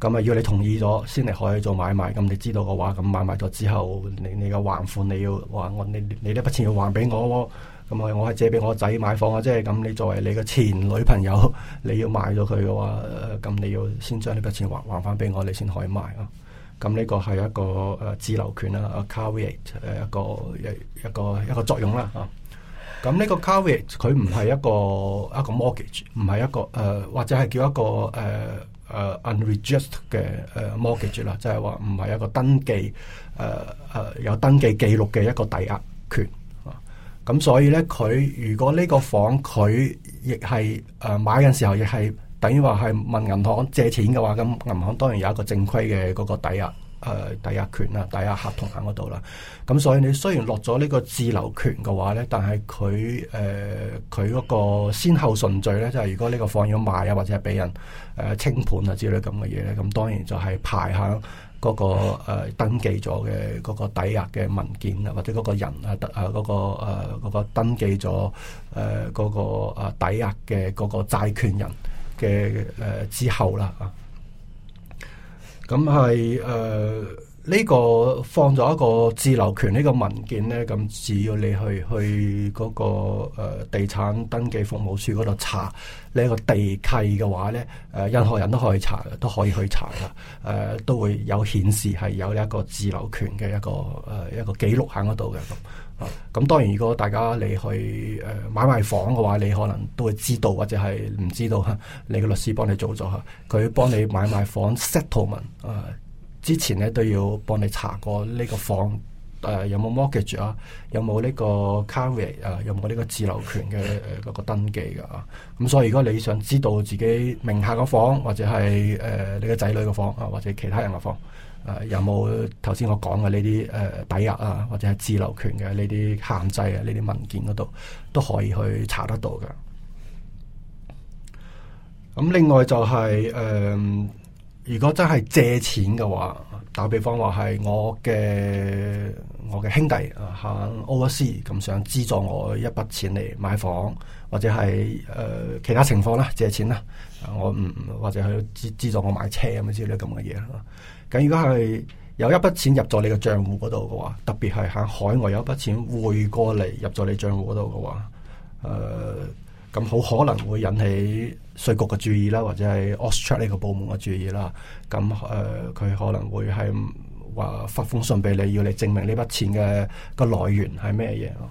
咁啊、嗯，要你同意咗先嚟可以做買賣。咁你知道嘅話，咁買賣咗之後，你你嘅還款你要話我，你你呢筆錢要還俾我、啊。咁我我係借俾我仔買房啊，即係咁你作為你嘅前女朋友，你要賣咗佢嘅話，咁你要先將呢筆錢還還翻俾我，你先可以賣啊。咁呢個係一個誒置留權啦，caveat、啊、一個一一個一個作用啦。吓、啊、咁、啊、呢、啊啊、個 caveat 佢唔係一個一個 mortgage，唔係一個誒、啊、或者係叫一個誒誒、啊 uh, unregistered 嘅誒、啊、mortgage 啦、啊，即係話唔係一個登記誒誒、啊啊、有登記記錄嘅一個抵押權。咁所以呢，佢如果呢個房佢亦係誒買嘅時候亦係等於話係問銀行借錢嘅話，咁銀行當然有一個正規嘅嗰個抵押誒、呃、抵押權啊、抵押合同喺嗰度啦。咁所以你雖然落咗呢個自留權嘅話呢，但係佢誒佢嗰個先後順序呢，就係、是、如果呢個房要賣啊，或者係俾人誒、呃、清盤啊之類咁嘅嘢呢，咁當然就係排喺嗰個登記咗嘅嗰個抵押嘅文件啊，或者嗰個人啊，得啊嗰個誒登記咗誒嗰個抵押嘅嗰個債權人嘅誒、呃、之後啦啊，咁係誒。呃呢個放咗一個自留權呢個文件呢，咁只要你去去嗰個誒地產登記服務處嗰度查呢個地契嘅話呢，誒任何人都可以查，都可以去查嘅，誒都會有顯示係有呢一個自留權嘅一個誒一個記錄喺嗰度嘅咁。咁當然，如果大家你去誒買賣房嘅話，你可能都會知道或者係唔知道嚇，你嘅律師幫你做咗嚇，佢幫你買賣房 settlement 誒。之前咧都要幫你查過呢個房誒有冇 mortgage 啊，有冇呢個 carry 誒，有冇呢個、啊啊、個自留權嘅嗰、呃嗰個登記嘅啊？咁所以如果你想知道自己名下嘅房，或者係誒、呃、你嘅仔女嘅房啊，或者其他人嘅房誒、啊，有冇頭先我講嘅呢啲誒抵押啊，或者係自留權嘅呢啲限制啊，呢啲文件嗰度都可以去查得到嘅。咁另外就係、是、誒。呃如果真係借錢嘅話，打比方話係我嘅我嘅兄弟喺 OC 咁想資助我一筆錢嚟買房，或者係誒、呃、其他情況啦，借錢啦，我唔或者去資資助我買車咁之類咁嘅嘢啦。咁如果係有一筆錢入咗你嘅賬戶嗰度嘅話，特別係喺海外有一筆錢匯過嚟入咗你賬戶嗰度嘅話，誒咁好可能會引起稅局嘅注意啦，或者係 Australia 呢個部門嘅注意啦，咁誒佢可能會係話發封信俾你，要你證明呢筆錢嘅個來源係咩嘢咯？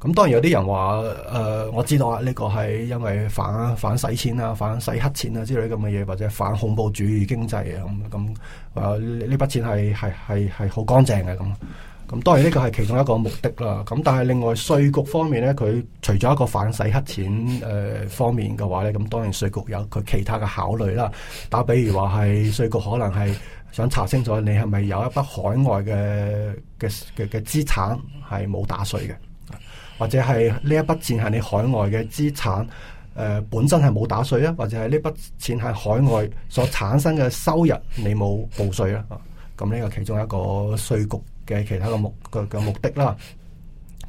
咁、啊、當然有啲人話誒、呃、我知道啊，呢個係因為反反洗錢啊，反洗黑錢啊之類咁嘅嘢，或者反恐怖主義經濟、嗯、啊咁咁誒呢筆錢係係係係好乾淨嘅咁。咁當然呢個係其中一個目的啦。咁但係另外稅局方面呢，佢除咗一個反洗黑錢誒、呃、方面嘅話呢，咁當然稅局有佢其他嘅考慮啦。打比如話係稅局可能係想查清楚你係咪有一筆海外嘅嘅嘅嘅資產係冇打稅嘅，或者係呢一筆錢係你海外嘅資產誒、呃、本身係冇打稅啊，或者係呢筆錢係海外所產生嘅收入，你冇報稅啊。咁呢個其中一個稅局嘅其他嘅目嘅嘅目的啦，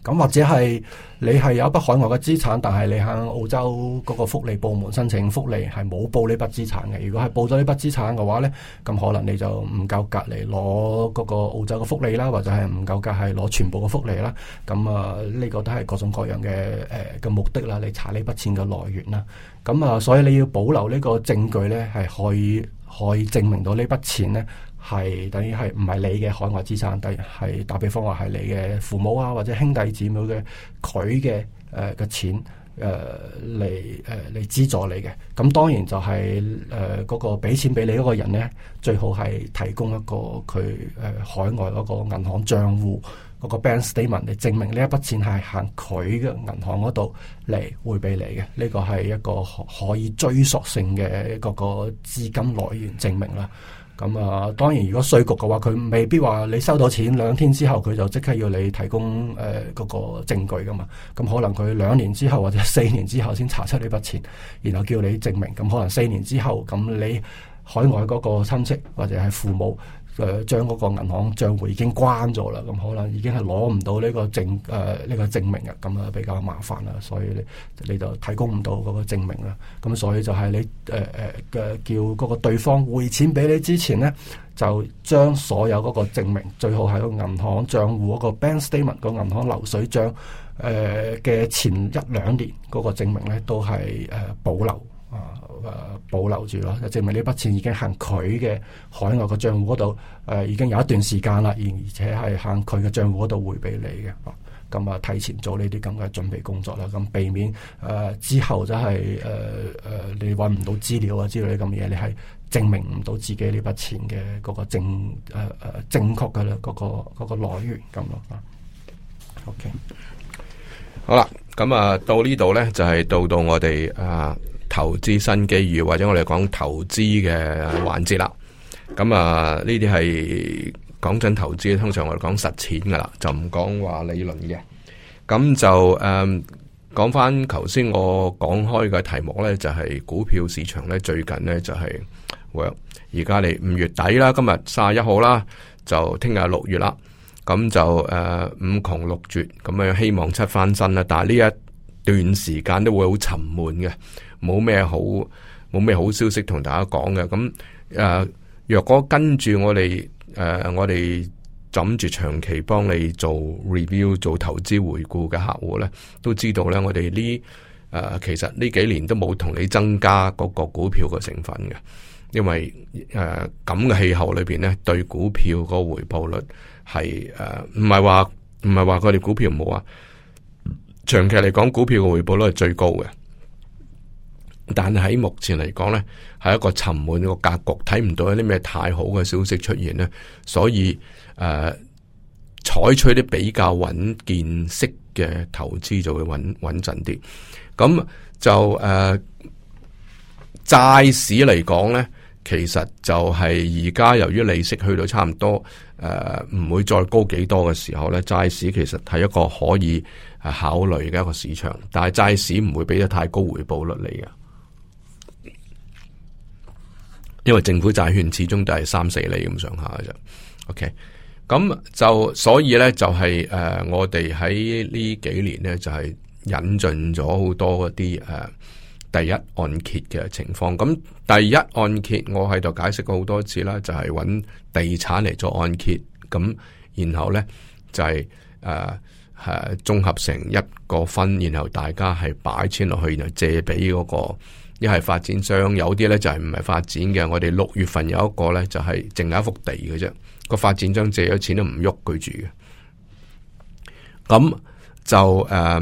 咁或者係你係有一筆海外嘅資產，但係你向澳洲嗰個福利部門申請福利係冇報呢筆資產嘅。如果係報咗呢筆資產嘅話咧，咁可能你就唔夠隔離攞嗰個澳洲嘅福利啦，或者係唔夠格係攞全部嘅福利啦。咁啊，呢個都係各種各樣嘅誒嘅目的啦。你查呢筆錢嘅來源啦，咁啊，所以你要保留呢個證據咧，係可以可以證明到呢筆錢咧。係等於係唔係你嘅海外資產，但係打比方話係你嘅父母啊，或者兄弟姊妹嘅佢嘅誒嘅錢誒嚟誒嚟資助你嘅。咁、嗯、當然就係誒嗰個俾錢俾你嗰個人咧，最好係提供一個佢誒、呃、海外嗰個銀行賬戶嗰、那個 bank statement 嚟證明呢一筆錢係行佢嘅銀行嗰度嚟匯俾你嘅。呢、這個係一個可以追溯性嘅一個一個，一個資金來源證明啦。咁啊、嗯，當然如果稅局嘅話，佢未必話你收到錢兩天之後，佢就即刻要你提供誒嗰、呃那個證據㗎嘛。咁、嗯、可能佢兩年之後或者四年之後先查出呢筆錢，然後叫你證明。咁、嗯、可能四年之後，咁、嗯、你海外嗰個親戚或者係父母，誒將嗰個銀行賬戶已經關咗啦，咁可能已經係攞唔到呢個證誒呢、呃呢個證明啊，咁啊比較麻煩啦，所以你你就提供唔到嗰個證明啦，咁所以就係你誒誒嘅叫嗰個對方匯錢俾你之前咧，就將所有嗰個證明，最好係個銀行賬戶嗰個 bank statement 個銀行流水帳誒嘅、呃、前一兩年嗰個證明咧，都係誒、呃、保留。啊，誒保留住咯，就證明呢筆錢已經喺佢嘅海外嘅帳戶嗰度，誒、啊、已經有一段時間啦，而而且係喺佢嘅帳戶嗰度匯俾你嘅，咁啊，啊提前做呢啲咁嘅準備工作啦，咁、啊、避免誒、啊、之後就係誒誒你揾唔到資料啊之類咁嘅嘢，你係證明唔到自己呢筆錢嘅嗰個正誒誒、啊、正確嘅嗰、嗰個嗰、嗰個嗰個來源咁咯、啊。OK，好啦，咁啊到呢度咧就係到到我哋啊。投資新機遇，或者我哋講投資嘅環節啦。咁啊，呢啲係講真投資，通常我哋講實踐噶啦，就唔講話理論嘅。咁 就誒，講翻頭先我講開嘅題目呢，就係、是、股票市場呢最近呢，就係而家嚟五月底啦，今日三十一號啦，就聽日六月啦。咁就誒、嗯，五窮六絕咁樣，希望七翻身啦。但係呢一段時間都會好沉悶嘅。冇咩好，冇咩好消息同大家講嘅。咁誒，若果、呃、跟住我哋誒、呃，我哋諗住長期幫你做 review、做投資回顧嘅客戶咧，都知道咧，我哋呢誒，其實呢幾年都冇同你增加嗰個股票嘅成分嘅，因為誒咁嘅氣候裏邊咧，對股票個回報率係誒，唔係話唔係話佢哋股票冇啊，長期嚟講，股票嘅回報率係最高嘅。但喺目前嚟講呢，係一個沉悶嘅格局，睇唔到一啲咩太好嘅消息出現呢，所以誒採、呃、取啲比較穩健式嘅投資就會穩穩陣啲。咁就誒債、呃、市嚟講呢，其實就係而家由於利息去到差唔多誒，唔、呃、會再高幾多嘅時候呢，債市其實係一個可以考慮嘅一個市場，但係債市唔會俾得太高回報率嚟嘅。因為政府債券始終都係三四厘咁上下嘅啫。OK，咁就所以呢，就係、是、誒、呃，我哋喺呢幾年呢，就係、是、引進咗好多嗰啲誒第一按揭嘅情況。咁、嗯、第一按揭我喺度解釋過好多次啦，就係、是、揾地產嚟做按揭，咁、嗯、然後呢，就係、是、誒、呃呃、綜合成一個分，然後大家係擺錢落去，然後借俾嗰、那個。一係發展商，有啲咧就係唔係發展嘅。我哋六月份有一個咧，就係淨係一幅地嘅啫。個發展商借咗錢都唔喐佢住嘅。咁就誒、呃，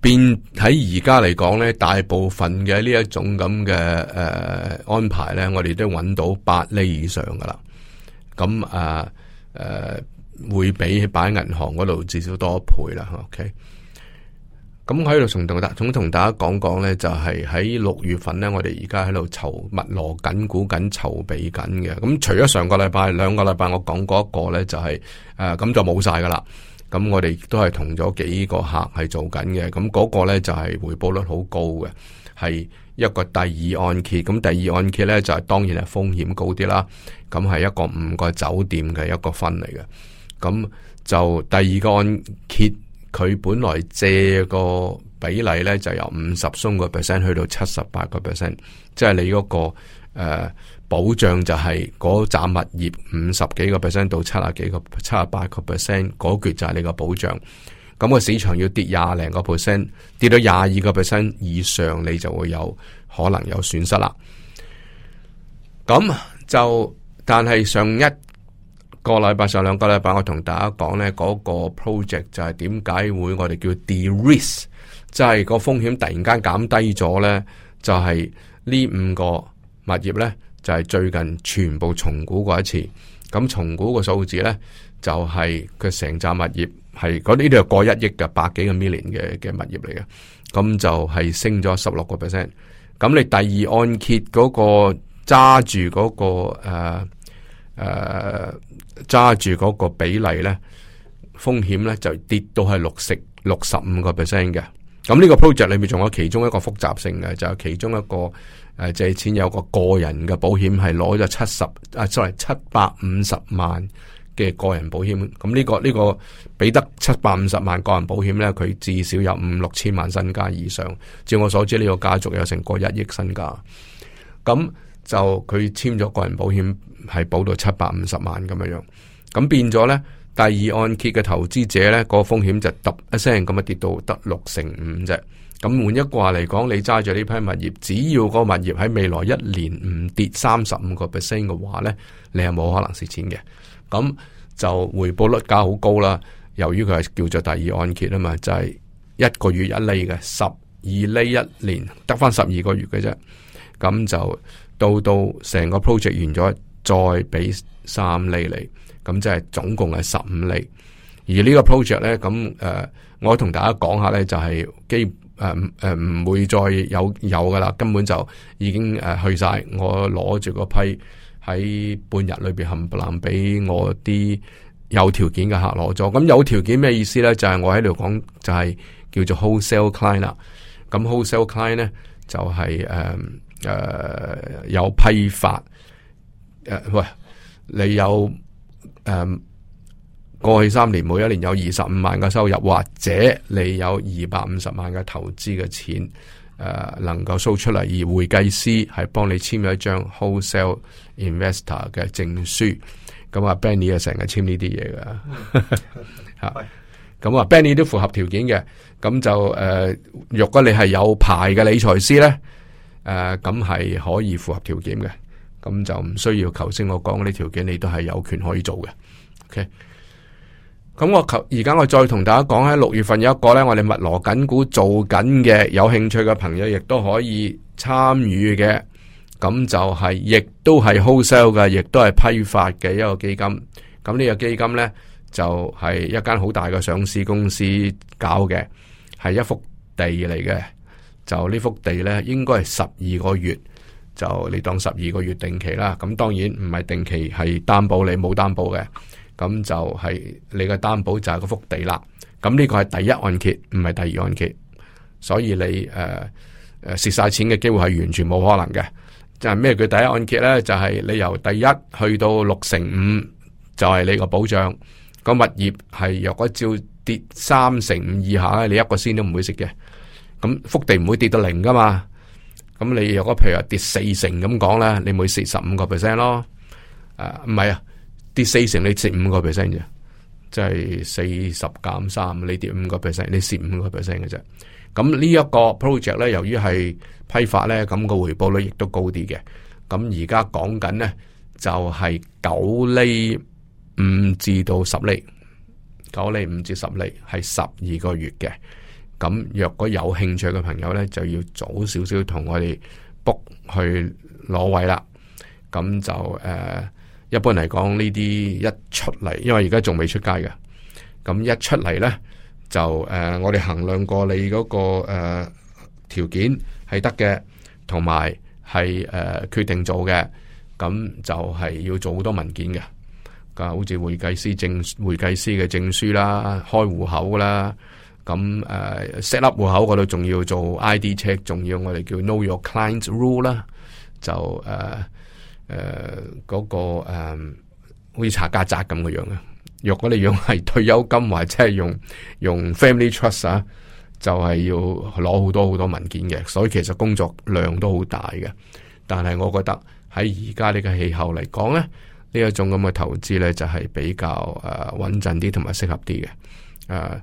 變喺而家嚟講咧，大部分嘅呢一種咁嘅誒安排咧，我哋都揾到八厘以上噶啦。咁誒誒，會比擺銀行嗰度至少多一倍啦。OK。咁喺度同同，總同、嗯、大家講講呢，就係喺六月份呢，我哋而家喺度籌密鑼緊鼓，緊籌備緊嘅。咁、嗯、除咗上個禮拜、兩個禮拜我講嗰一個呢，就係誒，咁就冇晒噶啦。咁我哋都係同咗幾個客係做緊嘅。咁嗰個呢，就係、是呃嗯嗯那個就是、回報率好高嘅，係一個第二按揭。咁、嗯、第二按揭呢，就係、是、當然係風險高啲啦。咁、嗯、係一個五個酒店嘅一個分嚟嘅。咁、嗯、就第二個按揭。佢本來借個比例咧，就由五十鬆個 percent 去到七十八個 percent，即係你嗰個誒保障就係嗰扎物業五十幾個 percent 到七啊幾個七啊八個 percent 嗰橛，就係你個保障。咁個市場要跌廿零個 percent，跌到廿二個 percent 以上，你就會有可能有損失啦。咁就但係上一。個禮拜，上兩個禮拜，我同大家講呢嗰、那個 project 就係點解會我哋叫 de-risk，即係個風險突然間減低咗呢就係、是、呢五個物業呢，就係、是、最近全部重估過一次。咁重估個數字呢，就係佢成扎物業係嗰啲，呢度過一億嘅，百幾個 million 嘅嘅物業嚟嘅。咁就係升咗十六個 percent。咁你第二按揭嗰、那個揸住嗰、那個誒誒。啊啊揸住嗰個比例呢，風險呢就跌到係六成六十五個 percent 嘅。咁呢個 project 裏面仲有其中一個複雜性嘅，就係、是、其中一個誒、呃、借錢有個個人嘅保險係攞咗七十啊，sorry 七百五十萬嘅個人保險。咁呢、呢個呢、呢個俾得七百五十萬個人保險呢，佢至少有五六千萬身家以上。照我所知，呢個家族有成個一億身家。咁就佢簽咗個人保險，係保到七百五十萬咁樣樣，咁變咗呢，第二按揭嘅投資者呢個風險就突一聲咁啊跌到得六成五啫。咁換一卦嚟講，你揸住呢批物業，只要個物業喺未來一年唔跌三十五個 percent 嘅話呢，你係冇可能蝕錢嘅。咁就回報率價好高啦。由於佢係叫做第二按揭啊嘛，就係、是、一個月一厘嘅十二厘一年得返十二個月嘅啫，咁就。到到成個 project 完咗，再俾三厘嚟，咁即係總共係十五厘。而呢個 project 呢，咁誒、呃，我同大家講下呢，就係基誒誒唔會再有有噶啦，根本就已經誒、呃、去晒。我攞住個批喺半日裏邊，冚唪唥俾我啲有條件嘅客攞咗。咁有條件咩意思呢？就係、是、我喺度講，就係叫做 wholesale client 啦。咁 wholesale client 呢，就係、是、誒。呃誒，uh, 有批發誒，uh, 喂，你有誒、um, 過去三年每一年有二十五萬嘅收入，或者你有二百五十萬嘅投資嘅錢誒，uh, 能夠輸出嚟，而會計師係幫你簽咗一張 wholesale investor 嘅證書，咁啊，Benny 啊成日簽呢啲嘢噶，吓、 嗯，咁、嗯、啊 ，Benny 都符合條件嘅，咁就誒，若、uh, 果你係有牌嘅理財師咧。誒，咁係、呃、可以符合條件嘅，咁就唔需要頭先我講嗰啲條件，你都係有權可以做嘅。OK，咁我求而家我再同大家講，喺六月份有一個呢，我哋密鑼緊鼓做緊嘅，有興趣嘅朋友亦都可以參與嘅。咁就係、是，亦都係 wholesale 嘅，亦都係批發嘅一個基金。咁呢個基金呢，就係、是、一間好大嘅上市公司搞嘅，係一幅地嚟嘅。就呢幅地呢，應該係十二個月，就你當十二個月定期啦。咁當然唔係定期，係擔保你冇擔保嘅。咁就係你嘅擔保就係嗰幅地啦。咁呢個係第一按揭，唔係第二按揭。所以你誒誒、呃啊、蝕晒錢嘅機會係完全冇可能嘅。就係咩？叫第一按揭呢，就係、是、你由第一去到六成五，就係你個保障。個物業係若果照跌三成五以下咧，你一個先都唔會蝕嘅。咁、嗯、幅地唔會跌到零噶嘛？咁、嗯、你如果譬如話跌四成咁講咧，你咪蝕十五個 percent 咯？誒、呃，唔係啊，跌四成你蝕五個 percent 啫，即係四十減三，你跌五、嗯個 percent，你蝕五個 percent 嘅啫。咁呢一個 project 咧，由於係批發咧，咁、個回報率亦都高啲嘅。咁而家講緊咧，就係、是、九厘五至到十厘，九厘五至十厘係十二個月嘅。咁若果有興趣嘅朋友呢，就要早少少同我哋 book 去攞位啦。咁就誒，uh, 一般嚟講呢啲一出嚟，因為而家仲未出街嘅。咁一出嚟呢，就誒，uh, 我哋衡量過你嗰、嗰個誒條、uh, 件係得嘅，同埋係誒決定做嘅。咁就係要做好多文件嘅，好似會計師證、會計師嘅證書啦、開戶口啦。咁誒，set up 戶口，嗰度仲要做 ID check，仲要我哋叫 Know Your Client Rule 啦，就誒誒嗰個誒、啊，好似查家宅咁嘅樣啊。若果你用係退休金，或者係用用 Family Trust 啊，就係、是、要攞好多好多文件嘅，所以其實工作量都好大嘅。但係我覺得喺而家呢個氣候嚟講咧，呢一種咁嘅投資咧就係比較誒穩陣啲，同埋適合啲嘅誒。啊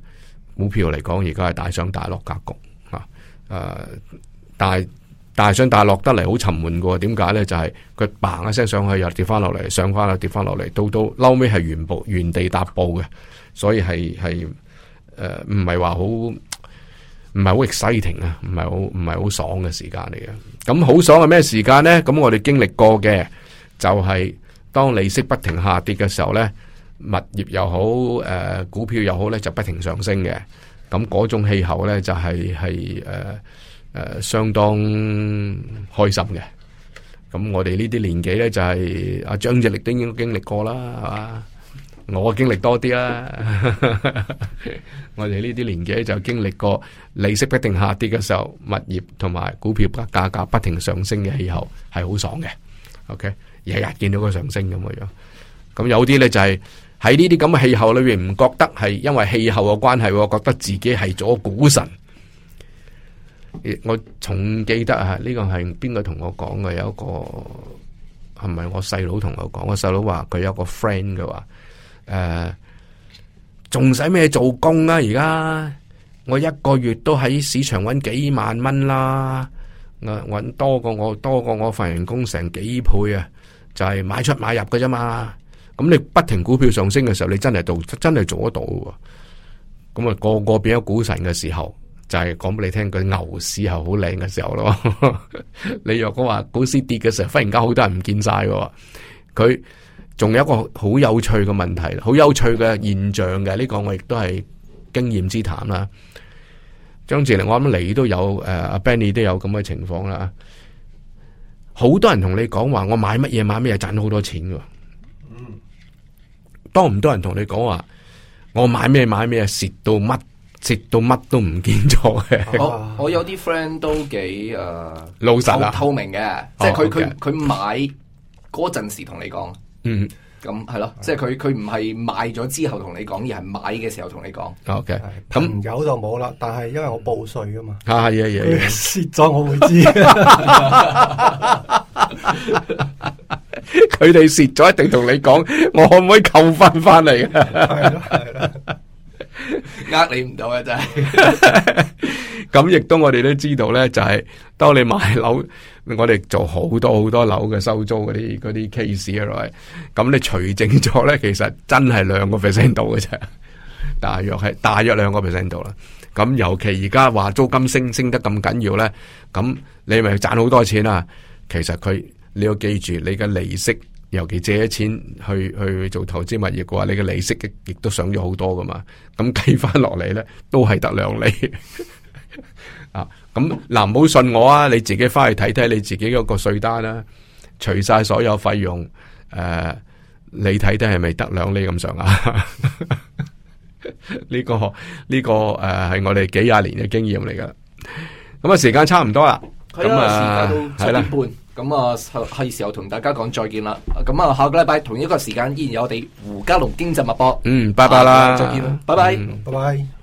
股票嚟講，而家係大上大落格局，吓、啊、誒，但係大上大落得嚟好沉悶嘅喎。點解咧？就係佢嘭一聲上去又跌翻落嚟，上翻啦跌翻落嚟，到到嬲尾係原步原地踏步嘅，所以係係誒，唔係話好唔係好 exciting 啊，唔係好唔係好爽嘅時間嚟嘅。咁好爽係咩時間咧？咁我哋經歷過嘅就係當利息不停下跌嘅時候咧。物業又好，誒、呃、股票又好咧，就不停上升嘅。咁嗰種氣候咧，就係係誒誒相當開心嘅。咁我哋呢啲年紀咧，就係阿張志力丁都經歷過啦，係嘛？我經歷多啲啦。 我哋呢啲年紀就經歷過利息不停下跌嘅時候，物業同埋股票價格價不停上升嘅氣候係好爽嘅。OK，日日見到佢上升咁樣，咁有啲咧就係、是。喺呢啲咁嘅氣候裏邊，唔覺得係因為氣候嘅關係，我覺得自己係咗股神。我仲記得呢個係邊個同我講嘅，有一個係咪我細佬同我講？我細佬話佢有個 friend 佢話，誒、呃，仲使咩做工啊？而家我一個月都喺市場搵幾萬蚊啦，搵多過我多過我份人工成幾倍啊！就係、是、買出買入嘅啫嘛。咁你不停股票上升嘅時候，你真係做真係做得到嘅。咁、嗯、啊，個個變咗股神嘅時候，就係講俾你聽，佢牛市係好靚嘅時候咯。你若果話股市跌嘅時候，忽然間好多人唔見晒嘅。佢仲有一個好有趣嘅問題，好有趣嘅現象嘅。呢、這個我亦都係經驗之談啦。張智霖，我諗你都有誒，阿、啊、Benny 都有咁嘅情況啦。好多人同你講話，我買乜嘢買乜嘢賺好多錢嘅。多唔多人同你講話？我買咩買咩？蝕到乜？蝕到乜都唔見咗嘅、oh。 我我有啲 friend 都幾誒、uh, 老實、啊、透明嘅，即係佢佢佢買嗰陣時同你講，嗯。咁係咯，即係佢佢唔係賣咗之後同你講，而係買嘅時候同你講。OK，咁唔有就冇啦，但係因為我報稅噶嘛，啊，嘢嘢，蝕咗我會知。佢哋蝕咗一定同你講，我可唔可以扣翻翻嚟？呃你唔到啊，真係。咁亦都我哋都知道咧，就係當你買樓。我哋做好多好多樓嘅收租嗰啲啲 case 啊，咁你除淨咗咧，其實真係兩個 percent 到嘅啫，大約係大約兩個 percent 到啦。咁尤其而家話租金升升得咁緊要咧，咁你咪賺好多錢啦，啊。其實佢你要記住，你嘅利息，尤其借咗錢去去做投資物業嘅話，你嘅利息亦亦都上咗好多噶嘛。咁計翻落嚟咧，都係得兩厘。 咁嗱，唔好、啊啊、信我啊！你自己翻去睇睇你自己嗰個稅單啦、啊，除晒所有費用，誒、啊，你睇睇係咪得兩厘咁上下？呢、 呢個呢、呢個誒，係、啊、我哋幾廿年嘅經驗嚟噶。咁啊，時間差唔多啦，咁啊，係啦，咁啊，係時候同大家講再見啦。咁啊，下個禮拜同一個時間依然有我哋胡嘉龍經濟脈搏。嗯，拜拜啦，再見啦，嗯、拜拜，拜拜。